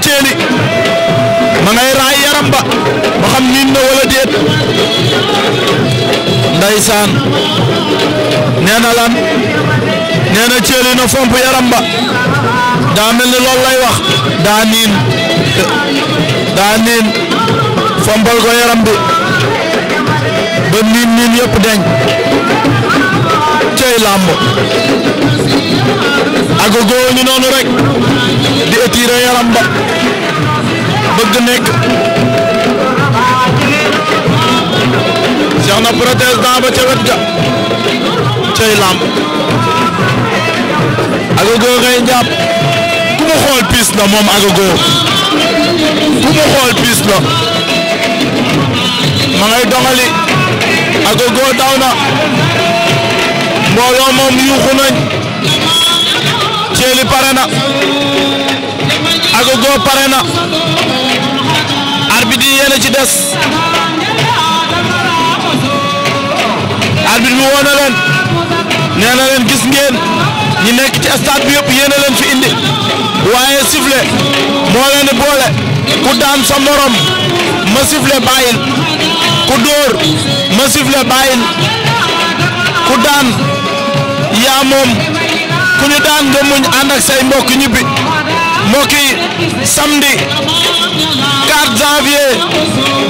ceeli ma ngay raay yaram ba ba xam niin na wala déet ndaysaan nee na lan nee na na fomp yaram ba lay wax daa niin daa niin fompal ko yaram bi ba niin niin yëpp deñ cey làmb agogo ñu noonu rek di étirer yaram ba bëgg nekk Cheikh na protège dent ba ca wet ga cey làmb agogo ngay jàpp ku mu xool piis na moom agogo ku mu xool piis na ma ngay doxali agogo daw na mbooloo yuuxu nañ Thiély pare na Agogo pare na ci des arbitre bi woo gis ngeen ñi nekk ci stade bi yëpp yéen fi indi waaye sifflet moo boole ku daan sa ma sifflet bàyyil ku dóor ma sifflet bàyyil ku daan yaa moom ku ñu daan nga muñ ànd ak say mbokk ñibbi mbokk yi samedi 4 janvier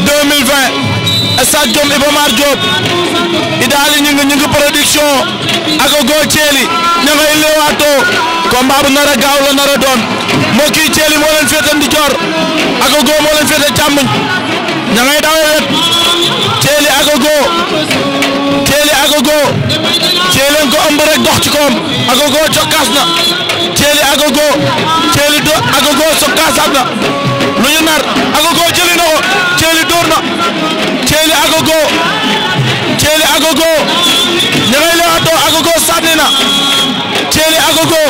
2020 stade Jom Iba Mar Diop Idaly ñu ngi ñu ngi production ak Gol Thiely ña ngay leewaatoo combat a gaaw la nar a doon mbokk yi Thiely moo leen ndijoor ak Gol moo leen féete càmmoñ ña ngay dawe wet Thiely ak Gol Thiely ak Gol Thielly nga ko ëmb rek dox ci kawam Agogo cokkaas na Thielly Agogo Thielly do Agogo sokkaasaat na lu Agogo jëli na ko Thielly door Agogo Thielly Agogo ña ngay leewaatoo Agogo sànni na Agogo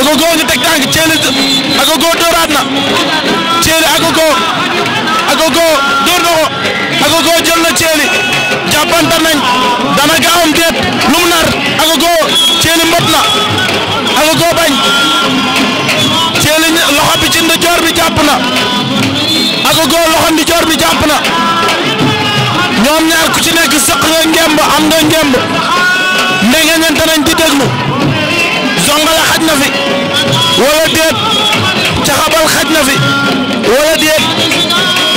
Agogo ñu Agogo dooraat Agogo Agogo door jàppante nañ dana gaaw am déet lu mu nar Agogo Thiely mbot na Agogo bañ Thiely loxo bi ci ndijoor bi jàpp na Agogo loxo ndijoor bi jàpp na ñoom ñaar ku ci nekk sëq nga ngemb am nga ngemb ndengeñante nañ di déglu zongale xaj na fi wala déet caxabal xaj na fi wala déet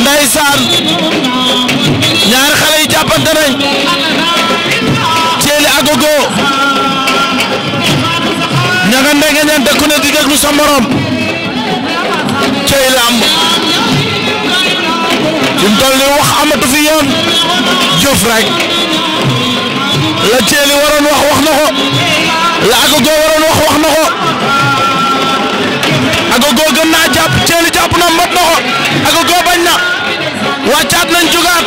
ndeysaan ñaari xale yi jàppante nañ Thielly Agogo ña nga ndegeñante ku ne di déglu sa morom cey làmb fi mu wax amatu fi yoon rek la Thielly waroon wax wax na ko la Agogo waroon wax wax na ko Agogo bañ na wàccaat nañ jugaat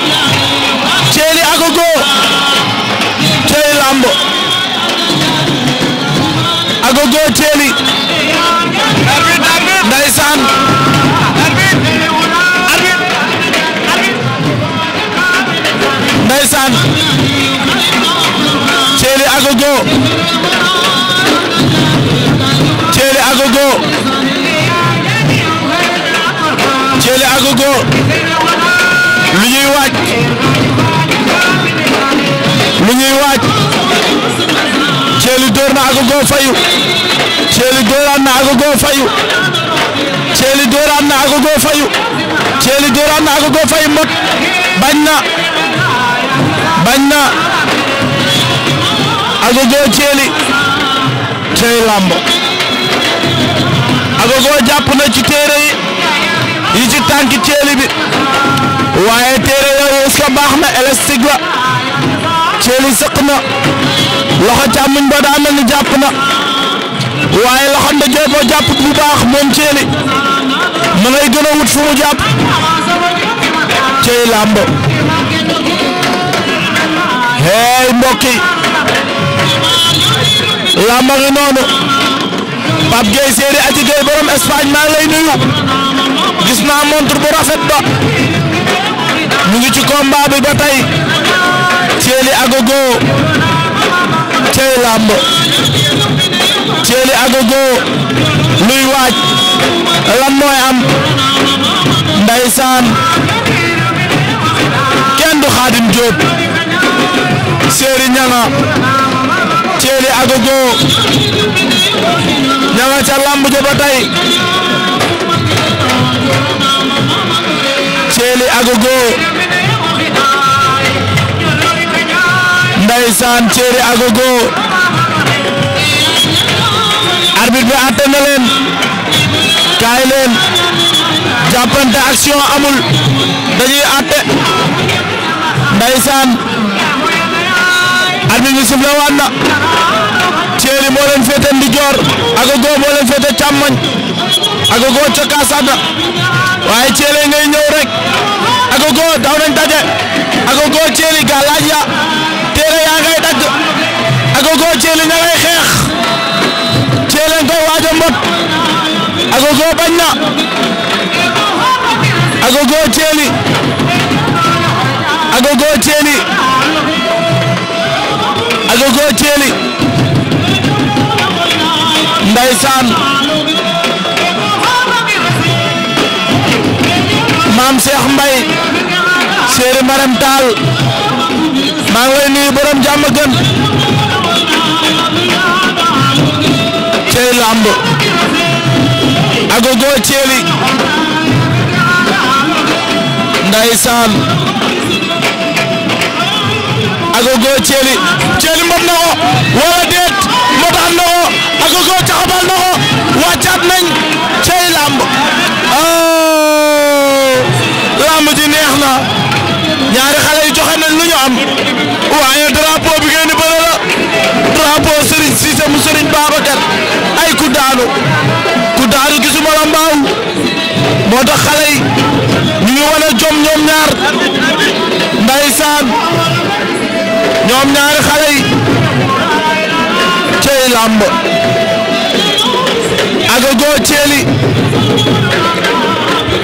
Agogo fayu Thiely dooran na Agogo fayu Thiely dooran na Agogo fayu Thiely dooran na bañ na bañ na Agogo Thiely tey lamb Agogo jàpp na ci téere yi yi ci tànki bi waaye téere yooyu est-ce baax na élastique la Thiely sëq na loxo càmmuñ ba daa mel ni jàpp waaye loxo ndeyjoor jàpp bu baax moom Thielly ma ngay gën wut fu mu jàpp Thielly làmb hey mbokk yi làmb ngi noonu Pape Gueye Séeri Aji Gueye borom Espagne maa lay nuyu gis naa montre bu rafet ba mu ngi ci combat bi ba tey Thielly Agogo cey làmb Thiély Agogo luy waaj lan mooy am ndeysaan kenn du Xaadim Jóob Séeri ñanga Thiély Agogo ñanga ca làmb ja ba Agogo ndeysaan Thierry Agogo arbitre bi àtte na leen kaay leen jàppante action amul dañuy àtte ndeysaan arbitre bi sifflé waat na Thierry moo leen féete ndijoor Agogo moo leen féete càmmoñ Agogo cokkaasaan na waaye Thierry ngay ñëw rek Agogo daw nañ daje Agogo Thierry galaaj ya Agogo Thielly ña ngay xeex Thielly nga waaj a mbot Agogo bañ na Agogo Thielly Agogo Thielly Agogo Thielly ndeysaan maam Cheikh Mbaye Serigne Marème Tall maa ngi lay nuyu borom jàmm gën cey lamb agogo ceeli ndaysaan agogo ceeli ceeli mbot na ko wala deet mbotaan na ko agogo caxabal na ko wàccaat nañ cey lamb oh. lamb ji neex na ñaari xale yi joxe am waaye drapeau bi ngeen di bëre la drapeau Serigne Cissé mu ku daanu gisuma la mbaaw moo tax xale yi ñu ngi wane jom ñoom ñaar ndeysaan ñoom ñaari xale cey làmb Agogo Thiely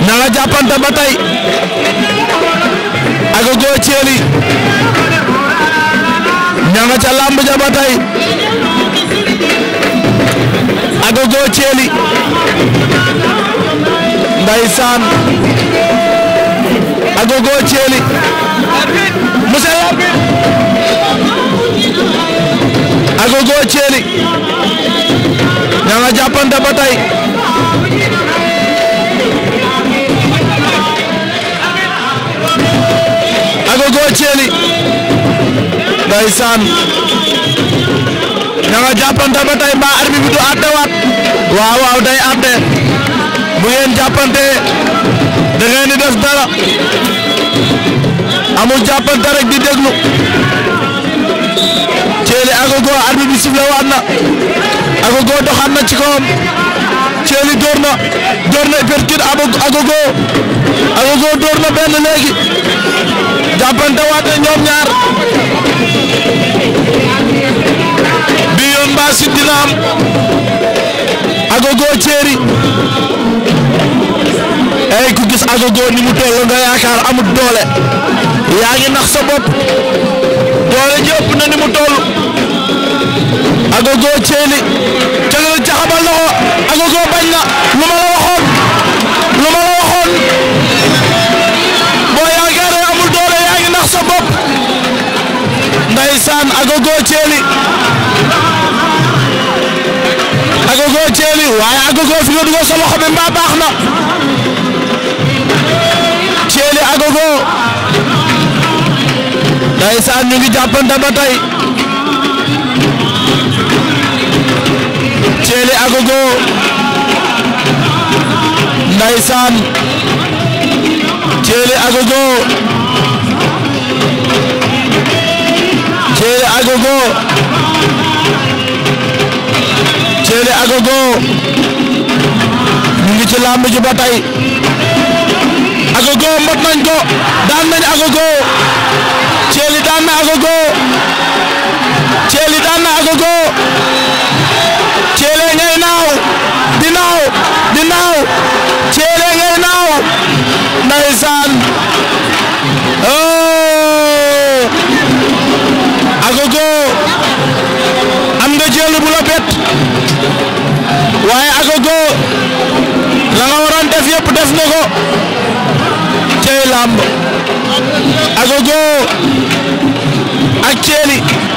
na nga jàppante ba tey Agogo Thiely ña nga ca làmb ja ba Jojo Thiely ndeysaan Agogo Thiely monsieur l'arbitre Agogo Thiely ña nga jàppante ba tey du àttewaat waaw waaw day àtte bu ngeen jàppante da def dara amul jàppante rek di déglu Thielly Agogo arbitre bi sifflé waat na Agogo doxaat na ci kawam Thielly door na door na uppercut Agogo Agogo door na benn léegi jàppante waat na ñoom ñaar bi yoon mbaa Agogo Thierry ay ku gis Agogo ni mu toll nga yaakaar amut doole yaa ngi nax sa bopp doole na ni mu toll Agogo Thierry waaye Agogo fi nga dugal sa loxo bi baax na Thielly Agogo ndeysaan ñu ngi jàppante ba tey Thielly Agogo ndeysaan Thielly Sélé Agogo ñu ci làmb ji ba tey Agogo mot nañ ko Agogo Sélé daan Agogo def na ko cey lamb Agogo ak Thiely